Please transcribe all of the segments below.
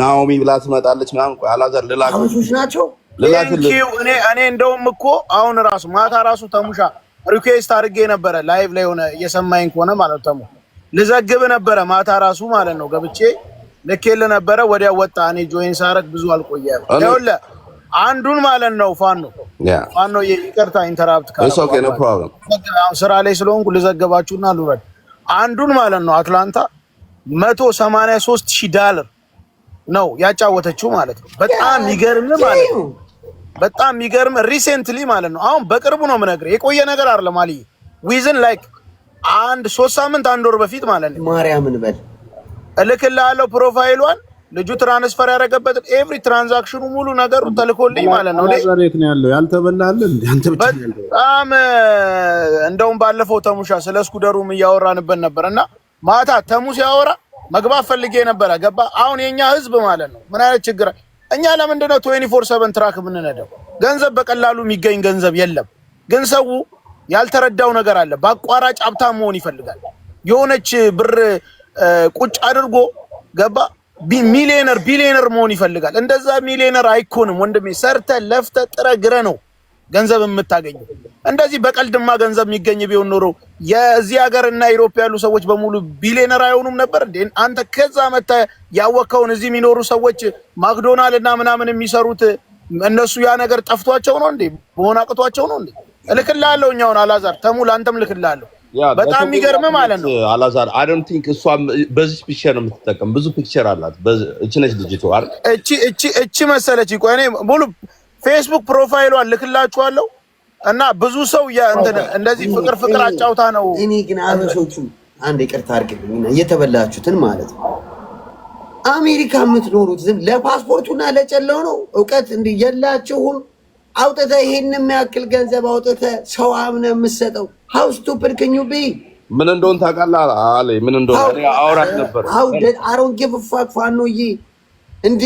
ናኦሚ ብላ ትመጣለች ምናምን። አላዘር አላዛር ልላክሽ ናቸው ልላክልሽ። እኔ እኔ እንደውም እኮ አሁን ራሱ ማታ ራሱ ተሙሻ ሪኩዌስት አድርጌ ነበረ ላይቭ ላይ ሆነ እየሰማኝ ከሆነ ማለት ተሙ ልዘግብ ነበረ ማታ ራሱ ማለት ነው ገብቼ ልኬል ነበረ። ወዲያ ወጣ። እኔ ጆይን ሳረግ ብዙ አልቆያል። ይኸውልህ አንዱን ማለት ነው ፋኖ ፋኖ ይቅርታ ኢንተራፕት ካለ ስራ ላይ ስለሆንኩ ልዘግባችሁና ልውረድ። አንዱን ማለት ነው አትላንታ መቶ ሰማንያ ሶስት ሺህ ዳለር ነው ያጫወተችው ማለት ነው። በጣም ይገርም ማለት ነው። በጣም የሚገርም ሪሴንትሊ ማለት ነው። አሁን በቅርቡ ነው የምነግርህ፣ የቆየ ነገር አለ አልዬ ዊዝን ላይክ አንድ ሶስት ሳምንት አንድ ወር በፊት ማለት ነው። ማርያምን በል እልክልሃለሁ ፕሮፋይሏን ልጁ ትራንስፈር ያደረገበት ኤቭሪ ትራንዛክሽኑ ሙሉ ነገሩ ተልኮልኝ ማለት ነው። ዛሬት ነው ያለው ያልተበላለ በጣም እንደውም ባለፈው ተሙሻ ስለ ስኩደሩም እያወራንበት ነበር እና ማታ ተሙ ሲያወራ መግባት ፈልጌ ነበረ። ገባ አሁን የኛ ህዝብ ማለት ነው ምን አይነት ችግር እኛ ለምንድን ነው ትዌንቲ ፎር ሰቨን ትራክ የምንነደው? ገንዘብ በቀላሉ የሚገኝ ገንዘብ የለም። ግን ሰው ያልተረዳው ነገር አለ። በአቋራጭ ሀብታም መሆን ይፈልጋል። የሆነች ብር ቁጭ አድርጎ ገባ ሚሊዮነር ቢሊዮነር መሆን ይፈልጋል። እንደዛ ሚሊዮነር አይኮንም ወንድሜ። ሰርተ ለፍተ ጥረ ግረ ነው ገንዘብ የምታገኘው። እንደዚህ በቀልድማ ገንዘብ የሚገኝ ቢሆን ኖሮ የዚህ ሀገር እና ኢሮፕ ያሉ ሰዎች በሙሉ ቢሊዮነር አይሆኑም ነበር እንዴ? አንተ ከዛ መተ ያወቅከውን እዚህ የሚኖሩ ሰዎች ማክዶናልድ እና ምናምን የሚሰሩት እነሱ ያ ነገር ጠፍቷቸው ነው እንዴ? መሆን አቅቷቸው ነው እንዴ? እልክልሃለሁ። እኛውን አላዛር ተሙል አንተም እልክልሃለሁ። በጣም የሚገርም ማለት ነው አላዛር። አይ ዶንት ቲንክ እሷ በዚህ ፒክቸር ነው የምትጠቀም። ብዙ ፒክቸር አላት። እቺ ነች ልጅቷ እቺ እቺ እቺ መሰለች። ቆይ እኔ ሙሉ ፌስቡክ ፕሮፋይሏን ልክላችኋለሁ እና ብዙ ሰው እንደዚህ ፍቅር ፍቅር አጫውታ ነው። እኔ ግን አበሾቹ አንድ ይቅርታ አድርግልኝና እየተበላችሁትን ማለት ነው። አሜሪካ የምትኖሩት ዝም ለፓስፖርቱና ለጨለው ነው። እውቀት እንዲህ የላችሁም። አውጥተህ ይሄን የሚያክል ገንዘብ አውጥተህ ሰው አምነ የምትሰጠው ሀው ስቱፒድ ክን ዩ ቢ ምን እንደሆን ታውቃለህ? አለ ምን እንደሆነ አውራት ነበር። አሮን ጌፍፋክ ፋኖዬ እንዴ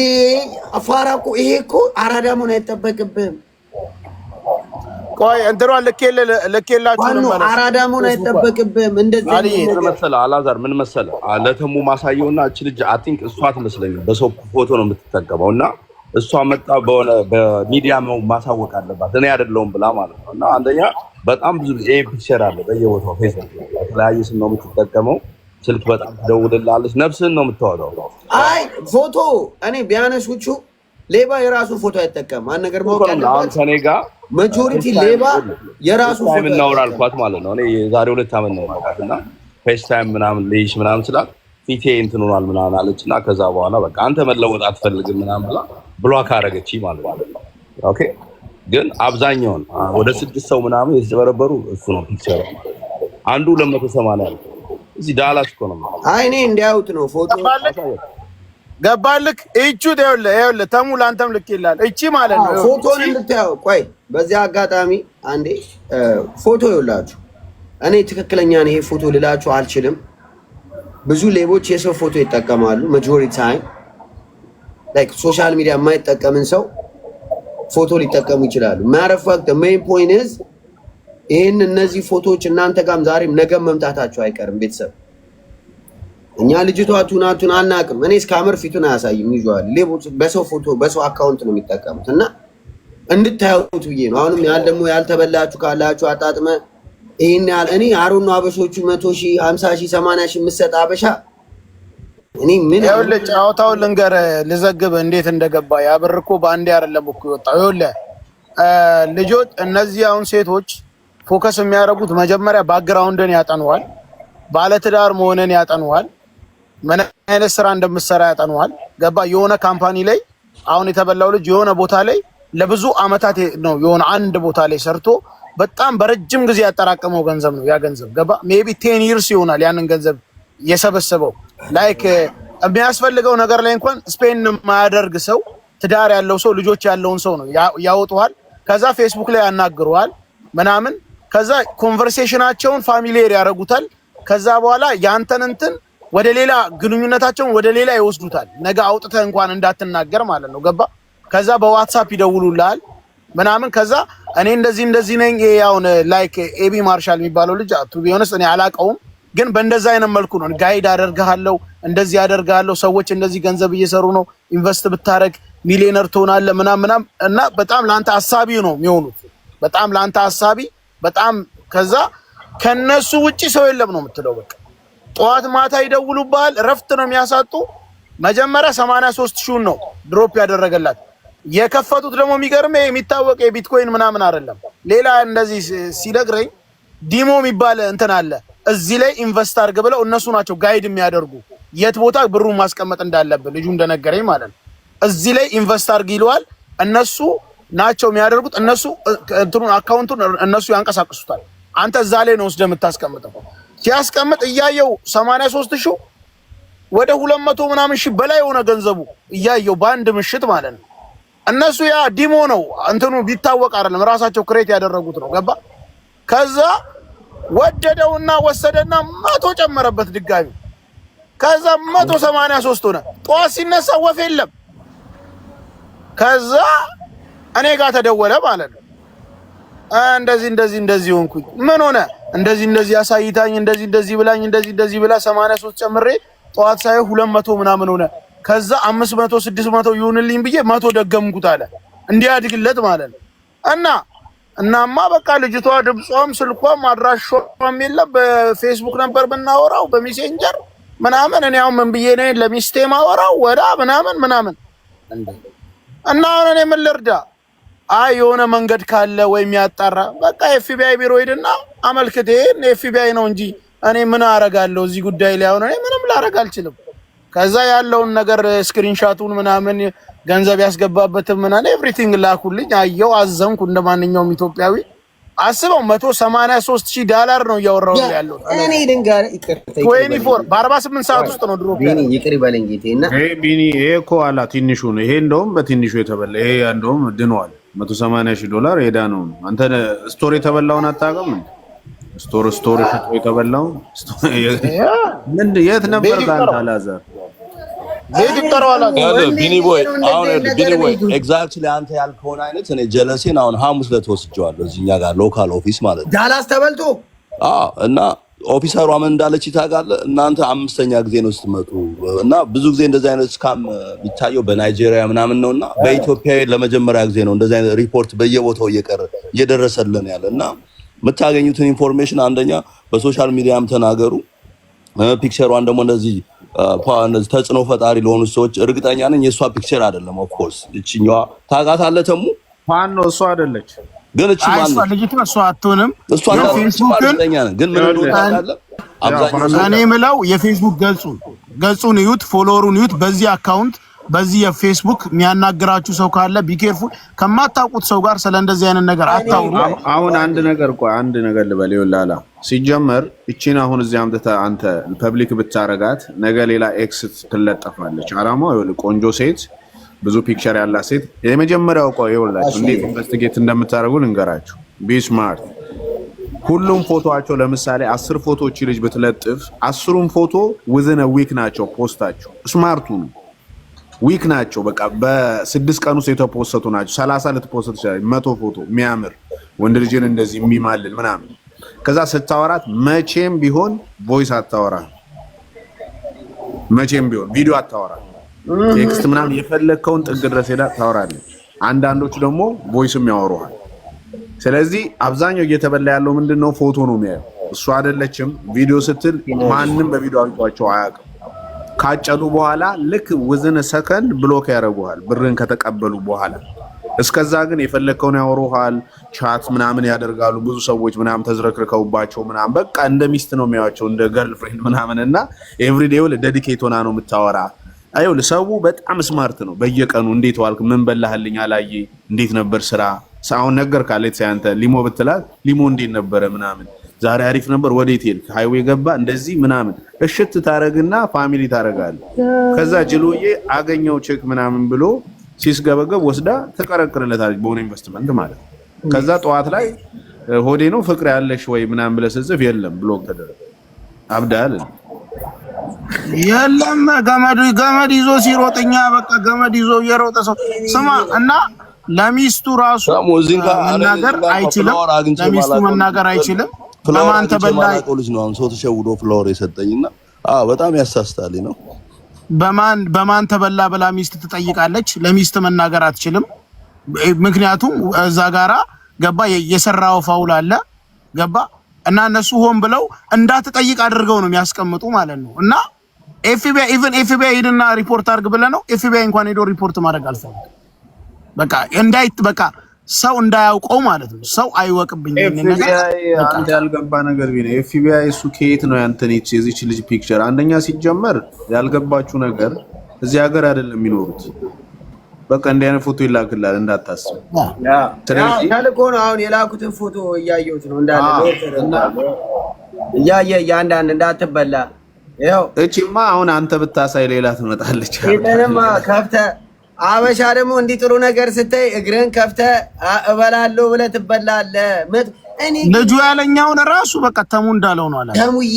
አፋራ እኮ ይሄ እኮ አራዳ መሆን አይጠበቅብህም። ቆይ እንትኗ ልኬላችሁ። አራዳ መሆን አይጠበቅብህም። አላዛር ምን መሰለ ለተሙ ማሳየውና እች ልጅ አይ እሷ ትመስለኛል በሰው ፎቶ ነው የምትጠቀመው እና እሷ መጣ በሆነ በሚዲያ ማሳወቅ አለባት እኔ አይደለሁም ብላ ማለት ነው። እና አንደኛ በጣም ብዙ ጊዜ ፒክቸር አለ በየቦታው ፌስቡክ የተለያየ ስም ነው የምትጠቀመው። ስልክ በጣም ትደውልላለች። ነፍስህን ነው የምታወጣው። አይ ፎቶ እኔ ቢያነሱቹ ሌባ የራሱ ፎቶ አይጠቀም። አንድ ነገር ማወቅ ያለበት መጆሪቲ ሌባ የራሱ ፎቶ እናውራ አልኳት ማለት ነው። እኔ የዛሬ ሁለት ዓመት ነው ማለት እና ፌስ ታይም ምናምን ልይሽ ምናምን ስላት ፊቴ እንትን ሆኗል ምናምን አለች እና ከዛ በኋላ በቃ አንተ መለወጥ አትፈልግም ምናምን ብላ ብሎክ አረገች ማለት ነው። ኦኬ ግን አብዛኛውን ወደ ስድስት ሰው ምናምን የተጨበረበሩ እሱ ነው ፒክቸሩ። አንዱ ለመቶ ሰማንያ እዚህ ዳላስ እኮ ነው። አይ እኔ እንዲያዩት ነው ፎቶ ገባልክ እቹ ደውል ይውለ ተሙ ላንተም ልክ ይላል። እቺ ማለት ነው ፎቶን እንድታዩ። ቆይ በዚህ አጋጣሚ አንዴ ፎቶ ይውላችሁ። እኔ ትክክለኛ ነው ይሄ ፎቶ ልላችሁ አልችልም። ብዙ ሌቦች የሰው ፎቶ ይጠቀማሉ። ማጆሪቲ ታይም ላይክ ሶሻል ሚዲያ የማይጠቀምን ሰው ፎቶ ሊጠቀሙ ይችላሉ። ማረፍ ኦፍ ፋክት ሜን ፖይንት ኢዝ ይሄን እነዚህ ፎቶዎች እናንተ ጋርም ዛሬም ነገ መምጣታቸው አይቀርም ቤተሰብ እኛ ልጅቷ ቱና ቱና አናቅም። እኔ እስካምር ፊቱን አያሳይም ይዋል ሌቦች በሰው ፎቶ በሰው አካውንት ነው የሚጠቀሙት እና እንድታዩት ብዬ ነው። አሁንም ያህል ደግሞ ያልተበላችሁ ካላችሁ አጣጥመ ይህን ያህል እኔ አሮኑ አበሾቹ መቶ ሺ ሀምሳ ሺ ሰማንያ ሺ የምሰጥ አበሻ እኔ ምን ይኸውልህ፣ ጨዋታውን ልንገርህ ልዘግብ እንዴት እንደገባ ያብር እኮ በአንዴ አይደለም እኮ የወጣው። ይኸውልህ ልጆች እነዚህ አሁን ሴቶች ፎከስ የሚያደርጉት መጀመሪያ ባግራውንድን ያጠኑዋል፣ ባለትዳር መሆንን ያጠኑዋል። ምን አይነት ስራ እንደምትሰራ ያጠኑሃል። ገባ የሆነ ካምፓኒ ላይ አሁን የተበላው ልጅ የሆነ ቦታ ላይ ለብዙ አመታት ነው የሆነ አንድ ቦታ ላይ ሰርቶ በጣም በረጅም ጊዜ ያጠራቀመው ገንዘብ ነው ያ ገንዘብ ገባ። ሜቢ ቴን ይርስ ይሆናል ያንን ገንዘብ የሰበሰበው። ላይክ የሚያስፈልገው ነገር ላይ እንኳን ስፔን የማያደርግ ሰው ትዳር ያለው ሰው ልጆች ያለውን ሰው ነው ያወጡሃል። ከዛ ፌስቡክ ላይ ያናግረዋል ምናምን። ከዛ ኮንቨርሴሽናቸውን ፋሚሊየር ያደርጉታል። ከዛ በኋላ ያንተን እንትን ወደ ሌላ ግንኙነታቸውን ወደ ሌላ ይወስዱታል። ነገ አውጥተህ እንኳን እንዳትናገር ማለት ነው። ገባ? ከዛ በዋትሳፕ ይደውሉልሃል ምናምን። ከዛ እኔ እንደዚህ እንደዚህ ነኝ። ያውን ላይክ ኤቢ ማርሻል የሚባለው ልጅ ቱ ቢሆንስ እኔ አላቀውም፣ ግን በእንደዚ አይነት መልኩ ነው ጋይድ አደርግሃለሁ፣ እንደዚህ አደርግሃለሁ፣ ሰዎች እንደዚህ ገንዘብ እየሰሩ ነው፣ ኢንቨስት ብታረግ ሚሊዮነር ትሆናለህ ምናምን ምናምን እና በጣም ለአንተ አሳቢ ነው የሚሆኑት። በጣም ለአንተ አሳቢ በጣም ከዛ ከነሱ ውጪ ሰው የለም ነው የምትለው በቃ ጠዋት ማታ ይደውሉብሃል። እረፍት ነው የሚያሳጡ። መጀመሪያ 83 ሺውን ነው ድሮፕ ያደረገላት። የከፈቱት ደግሞ የሚገርም የሚታወቅ የቢትኮይን ምናምን አይደለም። ሌላ እንደዚህ ሲነግረኝ ዲሞ የሚባል እንትን አለ እዚህ ላይ ኢንቨስት አድርግ ብለው እነሱ ናቸው ጋይድ የሚያደርጉ የት ቦታ ብሩን ማስቀመጥ እንዳለብን ልጁ እንደነገረኝ ማለት ነው። እዚህ ላይ ኢንቨስት አድርግ ይለዋል። እነሱ ናቸው የሚያደርጉት። እነሱ እንትኑን አካውንቱን እነሱ ያንቀሳቅሱታል። አንተ እዛ ላይ ነው ውስጥ የምታስቀምጠው። ሲያስቀምጥ እያየው 83 ሺህ ወደ 200 ምናምን ሺህ በላይ የሆነ ገንዘቡ እያየው በአንድ ምሽት ማለት ነው። እነሱ ያ ዲሞ ነው እንትኑ ቢታወቅ አይደለም ራሳቸው ክሬት ያደረጉት ነው። ገባ ከዛ ወደደውና ወሰደና መቶ ጨመረበት ድጋሚ። ከዛ መቶ 83 ሆነ። ጠዋት ሲነሳ ወፍ የለም። ከዛ እኔ ጋር ተደወለ ማለት ነው እንደዚህ እንደዚህ እንደዚህ ሆንኩኝ። ምን ሆነ? እንደዚህ እንደዚህ አሳይታኝ እንደዚህ እንደዚህ ብላኝ እንደዚህ እንደዚህ ብላ 83 ጨምሬ ጠዋት ሳይ 200 ምናምን ሆነ። ከዛ 500 600 ይሁንልኝ ብዬ መቶ ደገምኩት አለ እንዲያድግለት ማለት ነው። እና እናማ በቃ ልጅቷ ድምጿም ስልኳም አድራሿም የለም። በፌስቡክ ነበር የምናወራው በሜሴንጀር ምናምን። እኔ አሁን ምን ብዬ ነኝ ለሚስቴ ማወራው ወዳ ምናምን ምናምን እና አሁን እኔ ምን ልርዳ አይ የሆነ መንገድ ካለ ወይም ያጣራ በቃ ኤፍቢአይ ቢሮ ሄድና አመልክት። ይሄን ኤፍቢአይ ነው እንጂ እኔ ምን አረጋለሁ እዚህ ጉዳይ ላይ አሁን እኔ ምንም ላረግ አልችልም። ከዛ ያለውን ነገር ስክሪንሻቱን ምናምን ገንዘብ ያስገባበትን ምናምን ኤቭሪቲንግ ላኩልኝ። አየው፣ አዘንኩ። እንደ ማንኛውም ኢትዮጵያዊ አስበው፣ መቶ ሰማንያ ሶስት ሺህ ዳላር ነው እያወራው ያለው በአርባ ስምንት ሰዓት ውስጥ ነው። ድሮ ይቅር ይበለኝ ጌቴ ይሄ ቢኒ ይሄ እኮ አላ ትንሹ ነው። ይሄ እንደውም በትንሹ የተበላ ይሄ እንደውም ድኗል። መቶ ሰማንያ ሺህ ዶላር ሄዳ ነው። አንተ ስቶር የተበላውን አታውቅም? ስቶር ስቶር ሽጦ የተበላው የት ነበር ከአንተ አላዛር ኤግዛክትሊ አንተ ያልከውን አይነት እኔ ጀለሴን አሁን ሐሙስ ዕለት ወስጄዋለሁ እዚህ እኛ ጋር ሎካል ኦፊስ ማለት ነው ዳላስ ተበልቶ እና ኦፊሰሯ ምን እንዳለች ይታጋለ እናንተ አምስተኛ ጊዜ ነው ስትመጡ እና ብዙ ጊዜ እንደዚህ አይነት ስካም የሚታየው በናይጄሪያ ምናምን ነው እና በኢትዮጵያ ለመጀመሪያ ጊዜ ነው እንደዚህ አይነት ሪፖርት በየቦታው እየቀረ እየደረሰልን ያለ እና የምታገኙትን ኢንፎርሜሽን አንደኛ በሶሻል ሚዲያም ተናገሩ። ፒክቸሯን ደግሞ እንደዚህ ተጽዕኖ ፈጣሪ ለሆኑ ሰዎች እርግጠኛ ነኝ የእሷ ፒክቸር አይደለም። ኦፍኮርስ እችኛዋ ታውቃታለህ ተሙ ነው እሷ አይደለች ግን እቺ ማለት ልጅቷ እሷ አትሆንም። እሷ ነው ፌስቡክ ግን ምን እንደሆነ አብዛኛው እኔ የምለው የፌስቡክ ገጹ ገጹን ይዩት፣ ፎሎወሩን ይዩት። በዚህ አካውንት በዚህ የፌስቡክ የሚያናግራችሁ ሰው ካለ ቢኬርፉል። ከማታውቁት ሰው ጋር ስለ እንደዚህ አይነት ነገር አታውሩ። አሁን አንድ ነገር ቆይ አንድ ነገር ልበል። ይኸውልህ ሲጀመር እቺን አሁን እዚህ አምጥተህ አንተ ፐብሊክ ብታረጋት ነገ ሌላ ኤክስ ትለጠፋለች። አላማው ይኸውልህ ቆንጆ ሴት ብዙ ፒክቸር ያላት ሴት የመጀመሪያው እኮ ይኸውላችሁ፣ እንዴት ኢንቨስቲጌት እንደምታደርጉ ልንገራችሁ። ቢስማርት ሁሉም ፎቶቸው ለምሳሌ አስር ፎቶች ልጅ ብትለጥፍ አስሩም ፎቶ ውዝነ ዊክ ናቸው ፖስታቸው። ስማርቱ ነው ዊክ ናቸው። በቃ በስድስት ቀን ውስጥ የተፖሰቱ ናቸው። ሰላሳ ልትፖስት ይችላል። መቶ ፎቶ የሚያምር ወንድ ልጅን እንደዚህ የሚማልል ምናምን። ከዛ ስታወራት መቼም ቢሆን ቮይስ አታወራ፣ መቼም ቢሆን ቪዲዮ አታወራ ቴክስት ምናምን የፈለግከውን ጥግ ድረስ ሄዳ ታወራለች። አንዳንዶቹ ደግሞ ቮይስም ያወሩሃል። ስለዚህ አብዛኛው እየተበላ ያለው ምንድን ነው? ፎቶ ነው የሚያየው። እሱ አይደለችም ቪዲዮ ስትል ማንም በቪዲዮ አግጧቸው አያውቅም። ካጨዱ በኋላ ልክ ውዝን ሰከንድ ብሎክ ያደርጉሃል ብርን ከተቀበሉ በኋላ። እስከዛ ግን የፈለግከውን ያወሩሃል፣ ቻት ምናምን ያደርጋሉ። ብዙ ሰዎች ምናምን ተዝረክርከውባቸው ምናምን በቃ እንደ ሚስት ነው የሚያቸው፣ እንደ ገርል ፍሬንድ ምናምን እና ኤቭሪዴው ለደዲኬት ሆና ነው የምታወራ አይው ሰው በጣም ስማርት ነው። በየቀኑ እንዴት ዋልክ፣ ምን በላህልኝ፣ አላየ እንዴት ነበር ስራ አሁን ነገር ካለች ያንተ ሊሞ ብትላት ሊሞ እንዴት ነበረ ምናምን፣ ዛሬ አሪፍ ነበር፣ ወዴት ሄድክ፣ ሃይዌ ገባ እንደዚህ ምናምን እሽት ታረግና ፋሚሊ ታረጋለ። ከዛ ጅሎዬ አገኘው ቼክ ምናምን ብሎ ሲስገበገብ ወስዳ ትቀረቅርለታለች፣ በሆነ ኢንቨስትመንት ማለት ነው። ከዛ ጠዋት ላይ ሆዴ ነው ፍቅር ያለሽ ወይ ምናምን ብለህ ስትጽፍ የለም ተደረገ። አብዳል የለም ገመድ ገመድ ይዞ ሲሮጥኛ በቃ ገመድ ይዞ እየሮጠ ሰው ስማ እና ለሚስቱ ራሱ መናገር አይችልም። ለሚስቱ መናገር አይችልም። ለማን ተበላይ ነው አሁን ሰው ተሸውዶ ፍላወር የሰጠኝና በጣም ያሳስታል ነው። በማን በማን ተበላ ብላ ሚስት ትጠይቃለች። ለሚስት መናገር አትችልም። ምክንያቱም እዛ ጋራ ገባ የሰራው ፋውል አለ ገባ እና እነሱ ሆን ብለው እንዳትጠይቅ አድርገው ነው የሚያስቀምጡ ማለት ነው እና ኤፍቢአይ ኢቨን ኤፍቢአይ ሄድና ሪፖርት አድርግ ብለህ ነው። ኤፍቢአይ እንኳን ሄዶ ሪፖርት ማድረግ አልፈልግም። በቃ እንዳይ በቃ ሰው እንዳያውቀው ማለት ነው። ሰው አይወቅብኝ። አንድ ያልገባ ነገር ቢሆን ኤፍቢአይ እሱ ከየት ነው ያንተን የዚች ልጅ ፒክቸር? አንደኛ ሲጀመር ያልገባችሁ ነገር እዚህ ሀገር አይደለም የሚኖሩት። በቃ እንዲህ አይነት ፎቶ ይላክላል እንዳታስብ። ስለዚህ ነው አሁን የላኩትን ፎቶ እያየሁት ነው እንዳለ እያየ እያንዳንድ እንዳትበላ እቺማ አሁን አንተ ብታሳይ ሌላ ትመጣለች። ይሄንማ ከፍተህ አበሻ ደግሞ እንዲህ ጥሩ ነገር ስታይ እግርን ከፍተህ እበላለሁ ብለህ ትበላለህ። ልጁ ያለኛውን ራሱ በቃ ተሙ እንዳለው ነው አላ ተሙዬ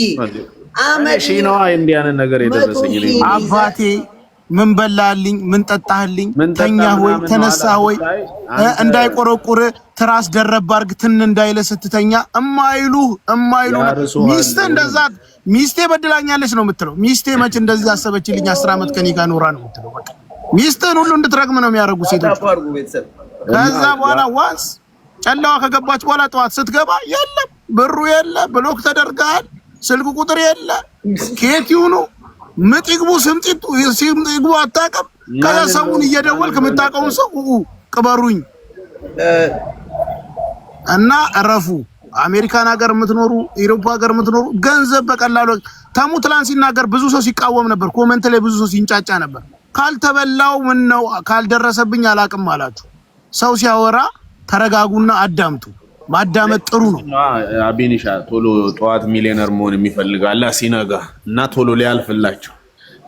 አመሺ ነዋ። እንዲያንን ነገር የደረሰኝ አባቴ ምን በላልኝ፣ ምን ጠጣህልኝ፣ ተኛ ሆይ ተነሳ ሆይ እንዳይቆረቁር ትራስ ደረባ አርግ ትን እንዳይለ ስትተኛ እማይሉ እማይሉ ሚስቴ እንደዛ ሚስቴ በድላኛለች ነው የምትለው። ሚስቴ መች እንደዚህ አሰበችልኝ፣ አስር ዓመት ከኔ ጋር ኖራ ነው የምትለው። ሚስትን ሁሉ እንድትረግም ነው የሚያደርጉ ሴቶች። ከዛ በኋላ ዋስ ጨለዋ ከገባች በኋላ ጠዋት ስትገባ የለም ብሩ የለ ብሎክ ተደርገሃል፣ ስልክ ቁጥር የለ ኬት ይሁኑ ምጥግቡ ይግቡ ስምጢጡ ሲምጥ ይግቡ አታውቅም። ከዛ ሰውን እየደወልክ የምታውቀውን ሰው ቅበሩኝ እና እረፉ። አሜሪካን ሀገር የምትኖሩ ኢሮፓ ሀገር የምትኖሩ ገንዘብ በቀላሉ ተሙ ትላንት ሲናገር ብዙ ሰው ሲቃወም ነበር። ኮመንት ላይ ብዙ ሰው ሲንጫጫ ነበር። ካልተበላው ምን ነው ካልደረሰብኝ አላውቅም አላችሁ። ሰው ሲያወራ ተረጋጉና አዳምጡ። ማዳመጥ ጥሩ ነው። አቢኒሻ ቶሎ ጠዋት ሚሊዮነር መሆን አላ ሲነጋ እና ቶሎ ሊያልፍላቸው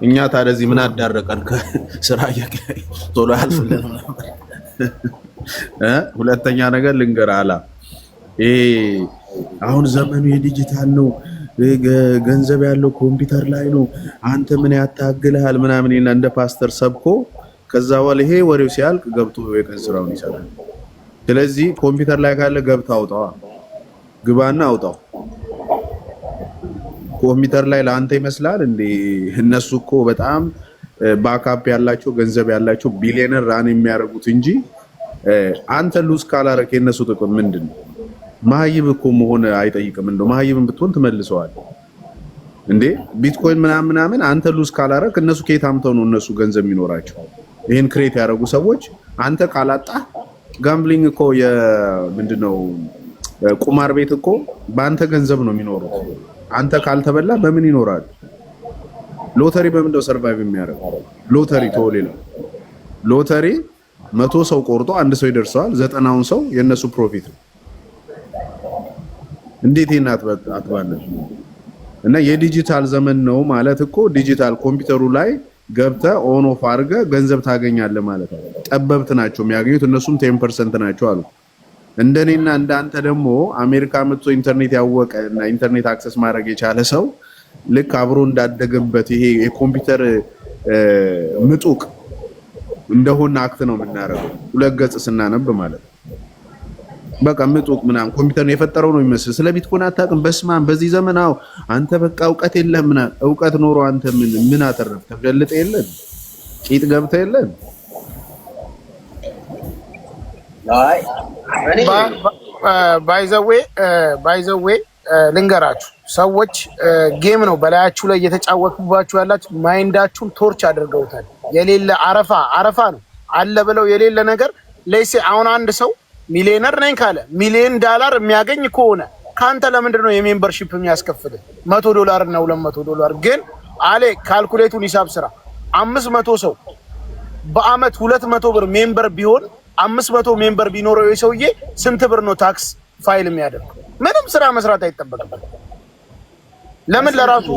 እኛ ታደዚህ ምን አዳረቀን? ስራ ቶሎ ያልፍልን። ሁለተኛ ነገር ልንገር አላ አሁን ዘመኑ የዲጂታል ነው። ገንዘብ ያለው ኮምፒውተር ላይ ነው። አንተ ምን ያታግልሃል ምናምን እንደ ፓስተር ሰብኮ ከዛ በኋላ ይሄ ወሬው ሲያልቅ ገብቶ የቀን ስራውን ይሰራል። ስለዚህ ኮምፒውተር ላይ ካለ ገብታ አውጣዋ፣ ግባና አውጣው። ኮምፒውተር ላይ ለአንተ ይመስላል እንዴ? እነሱ እኮ በጣም ባካፕ ያላቸው ገንዘብ ያላቸው ቢሊዮነር ራን የሚያደርጉት እንጂ አንተ ሉስ ካላረክ የእነሱ ጥቅም ምንድን ነው? መሀይም እኮ መሆን አይጠይቅም። እንደው መሀይምን ብትሆን ትመልሰዋል እንዴ? ቢትኮይን ምናምን ምናምን አንተ ሉስ ካላረክ እነሱ ከየት አምተው ነው እነሱ ገንዘብ የሚኖራቸው? ይህን ክሬት ያደረጉ ሰዎች አንተ ካላጣ ጋምብሊንግ እኮ ምንድነው ቁማር ቤት እኮ በአንተ ገንዘብ ነው የሚኖሩት አንተ ካልተበላ በምን ይኖራል? ሎተሪ በምንድነው ሰርቫይቭ የሚያደርገው? ሎተሪ ተወሌላ ሎተሪ መቶ ሰው ቆርጦ አንድ ሰው ይደርሰዋል። ዘጠናውን ሰው የእነሱ ፕሮፊት ነው። እንዴት ይህን አትባለን? እና የዲጂታል ዘመን ነው ማለት እኮ ዲጂታል ኮምፒውተሩ ላይ ገብተ ኦን ኦፍ ገንዘብ ታገኛለ ማለት ነው። ጠበብት ናቸው የሚያገኙት እነሱም ቴን ፐርሰንት ናቸው አሉ። እንደኔና እንዳንተ ደግሞ አሜሪካ መጥቶ ኢንተርኔት ያወቀ እና ኢንተርኔት አክሰስ ማድረግ የቻለ ሰው ልክ አብሮ እንዳደገበት ይሄ የኮምፒውተር ምጡቅ እንደሆነ አክት ነው የምናደርገው ሁለት ገጽ ስናነብ ማለት ነው። በቃ ምጡቅ ምናምን ኮምፒውተር ነው የፈጠረው ነው የሚመስል። ስለ ቢትኮን አታውቅም? በስማን በዚህ ዘመን አዎ፣ አንተ በቃ እውቀት የለም። ምን እውቀት ኖሮ አንተ ምን ምን አተረፍ? ተገልጠ የለን ቂጥ ገብተ የለን? ባይዘዌ ባይዘዌ ልንገራችሁ ሰዎች፣ ጌም ነው በላያችሁ ላይ እየተጫወቱባችሁ ያላችሁ። ማይንዳችሁን ቶርች አድርገውታል። የሌለ አረፋ አረፋ ነው አለ ብለው የሌለ ነገር ለይሴ አሁን አንድ ሰው ሚሊዮነር ነኝ ካለ ሚሊዮን ዳላር የሚያገኝ ከሆነ ከአንተ ለምንድን ነው የሜምበርሺፕ የሚያስከፍልህ? መቶ ዶላር እና ሁለት መቶ ዶላር ግን አሌ ካልኩሌቱን ሂሳብ ስራ። አምስት መቶ ሰው በአመት ሁለት መቶ ብር ሜምበር ቢሆን አምስት መቶ ሜምበር ቢኖረው የሰውዬ ስንት ብር ነው ታክስ ፋይል የሚያደርግ? ምንም ስራ መስራት አይጠበቅበት። ለምን ለራሱ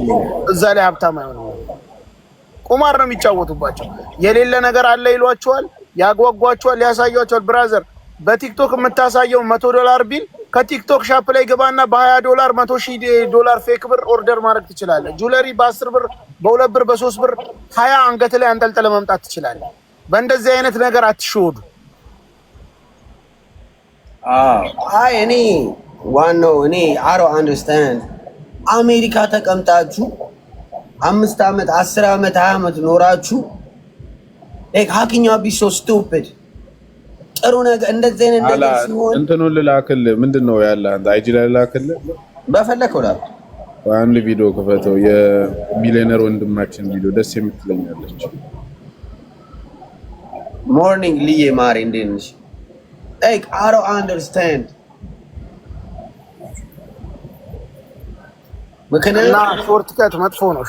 እዛ ላይ ሀብታም አይሆን? ቁማር ነው የሚጫወቱባቸው። የሌለ ነገር አለ ይሏቸዋል፣ ያጓጓቸዋል፣ ያሳያቸዋል። ብራዘር በቲክቶክ የምታሳየው መቶ ዶላር ቢል ከቲክቶክ ሻፕ ላይ ግባና በሀያ ዶላር መቶ ሺህ ዶላር ፌክ ብር ኦርደር ማድረግ ትችላለህ። ጁለሪ በአስር ብር፣ በሁለት ብር፣ በሶስት ብር ሀያ አንገት ላይ አንጠልጥለ መምጣት ትችላለህ። በእንደዚህ አይነት ነገር አትሸወዱ። አይ እኔ ዋናው እኔ አሮ አንደርስታንድ አሜሪካ ተቀምጣችሁ አምስት ዓመት አስር ዓመት ሀያ ዓመት ኖራችሁ ሀኪኛ ቢሶ ሶ ስቱፒድ ጥሩ ነገር እንደዚህ አይነት ነገር ሲሆን እንትኑን ልላክልህ። ምንድን ነው ያለህ አንተ አይጂ ላይ ልላክልህ በፈለከው ላ አንድ ቪዲዮ ክፈተው። የሚሊዮነር ወንድማችን ቪዲዮ ደስ የምትለኛለች። ሞርኒንግ ልዬ ማሪ እንዴት ነሽ? ላይክ ዶንት አንደርስታንድ ምክንያቱም ሾርት ከት መጥፎ ነው።